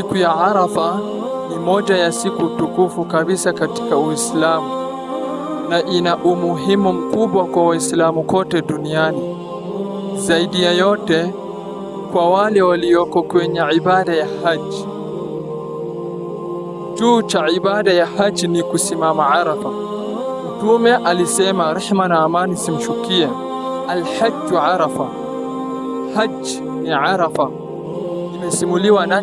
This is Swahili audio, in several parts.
Siku ya Arafa ni moja ya siku tukufu kabisa katika Uislamu na ina umuhimu mkubwa kwa Waislamu kote duniani. Zaidi ya yote kwa wale walioko kwenye ibada ya haji. Juu cha ibada ya haji ni kusimama Arafa. Mtume alisema, rehma na amani simshukie, alhaju Arafa, haji ni Arafa. Imesimuliwa na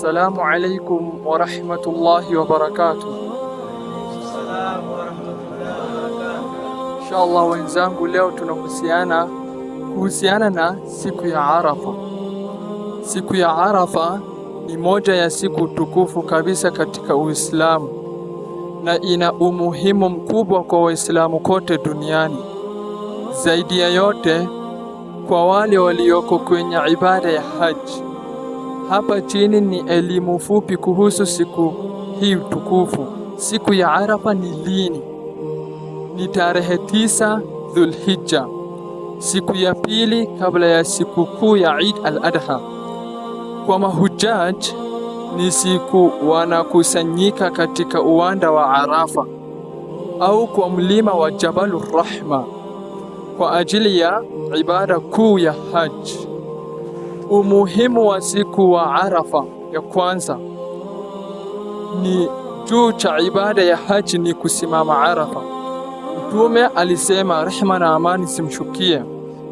Assalamu alaikum wa rahmatullahi wa barakatuh. Inshallah wenzangu, leo tunahusiana kuhusiana na siku ya Arafa. Siku ya Arafa ni moja ya siku tukufu kabisa katika Uislamu na ina umuhimu mkubwa kwa Waislamu kote duniani. Zaidi ya yote kwa wale walioko kwenye ibada ya haji. Hapa chini ni elimu fupi kuhusu siku hii tukufu. Siku ya Arafa ni lini? Ni tarehe tisa Dhulhijja, siku ya pili kabla ya siku kuu ya Eid al-Adha. Kwa mahujaj ni siku wanakusanyika katika uwanda wa Arafa au kwa mlima wa Jabalur Rahma kwa ajili ya ibada kuu ya Hajj. Umuhimu wa siku wa Arafa ya kwanza ni juu cha ibada ya haji ni kusimama Arafa. Mtume alisema rehma na amani simshukie,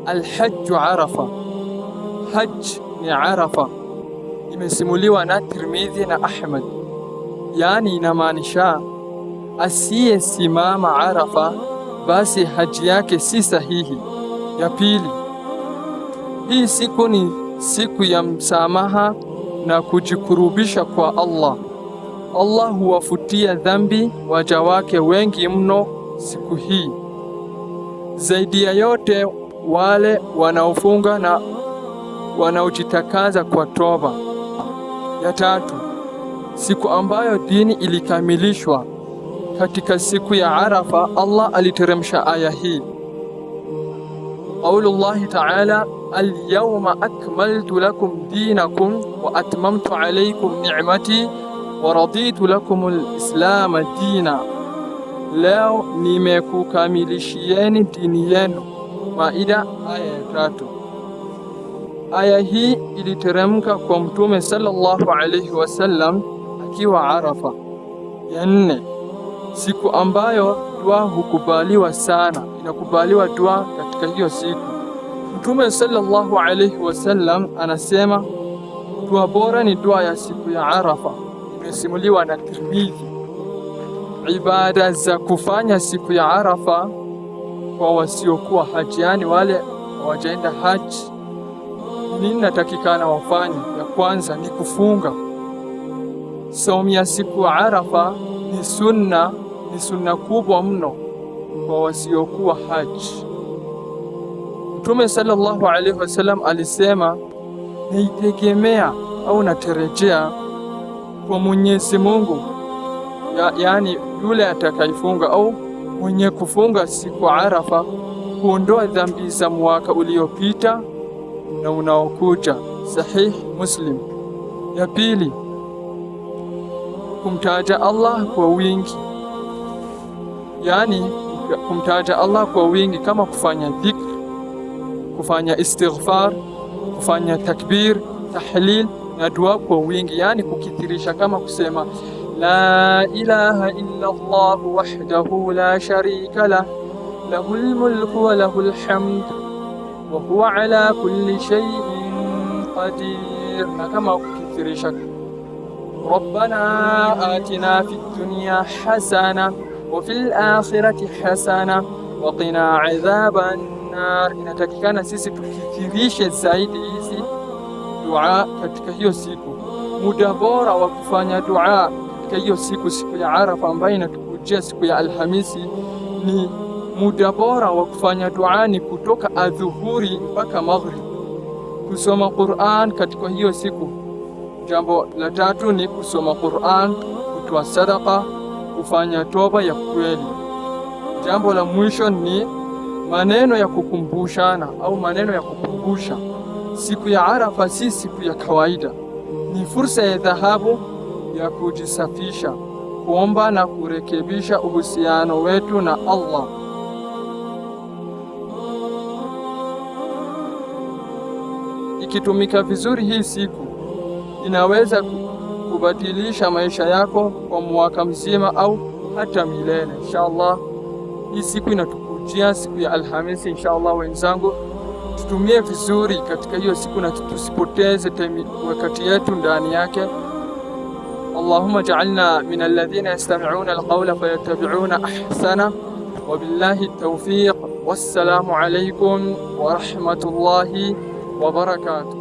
alhaju Arafa, haj ni Arafa. Imesimuliwa na Tirmidhi na Ahmad. Yaani inamaanisha asiyesimama Arafa basi haji yake si sahihi. Ya pili, hii siku ni siku ya msamaha na kujikurubisha kwa Allah. Allah huwafutia dhambi waja wake wengi mno siku hii. Zaidi ya yote wale wanaofunga na wanaojitakaza kwa toba. Ya tatu, siku ambayo dini ilikamilishwa. Katika siku ya Arafa, Allah aliteremsha aya hii qaulullahi taala alyawma akmaltu lakum dinakum wa atmamtu alaykum ni'mati wa raditu lakum lislama dina, leo nimekukamilishieni dini yenu. Maida aya ya tatu. Aya hii iliteremka kwa Mtume sallallahu alayhi wasallam akiwa Arafa ya nne, siku ambayo dua hukubaliwa sana, inakubaliwa dua katika hiyo siku. Mtume sallallahu alayhi wasallam anasema dua bora ni dua ya siku ya Arafa, imesimuliwa na Tirmidhi. Ibada za kufanya siku ya Arafa kwa wasiokuwa haji, yani wale hawajaenda haji, nini natakikana wafanye? Ya kwanza ni kufunga. Saumu ya siku ya Arafa ni sunna, ni sunna kubwa mno kwa wasiokuwa haji. Mtume sallallahu alaihi wasallam alisema, naitegemea au natarejea kwa Mwenyezi Mungu, ya, yaani yule atakayefunga au mwenye kufunga siku Arafa kuondoa dhambi za mwaka uliopita na unaokuja. Sahih Muslim. Ya pili, kumtaja Allah kwa wingi, yaani kumtaja Allah kwa wingi kama kufanya dhikr kufanya istighfar, kufanya takbir, tahlil na dua kwa wingi, yani kukithirisha, kama kusema la ilaha illa Allah wahdahu la sharika la lahul mulku wa lahul hamd wa huwa ala kulli shay'in qadir, na kama kukithirisha ربنا آتنا في الدنيا حسنة وفي الآخرة حسنة وقنا عذاب qina na inatakikana sisi tufikirishe zaidi hizi dua katika hiyo siku. Muda bora wa kufanya dua katika hiyo siku, siku ya Arafa ambayo inatukujia siku ya Alhamisi, ni muda bora wa kufanya dua ni kutoka adhuhuri mpaka maghrib, kusoma Qur'an katika hiyo siku. Jambo la tatu ni kusoma Qur'an, kutoa sadaka, kufanya toba ya kweli. Jambo la mwisho ni maneno ya kukumbushana au maneno ya kukumbusha. Siku ya Arafa si siku ya kawaida, ni fursa ya dhahabu ya kujisafisha, kuomba na kurekebisha uhusiano wetu na Allah. Ikitumika vizuri, hii siku inaweza kubadilisha maisha yako kwa mwaka mzima au hata milele. Inshallah, hii siku inatu Tunakuja siku ya Alhamisi inshallah, wenzangu, tutumie vizuri katika hiyo siku na tusipoteze wakati yetu ndani yake. Allahumma ja'alna min alladhina yastami'una alqawla fayattabi'una ahsana. Wabillahi tawfiq, wassalamu alaykum wa rahmatullahi wa barakatuh.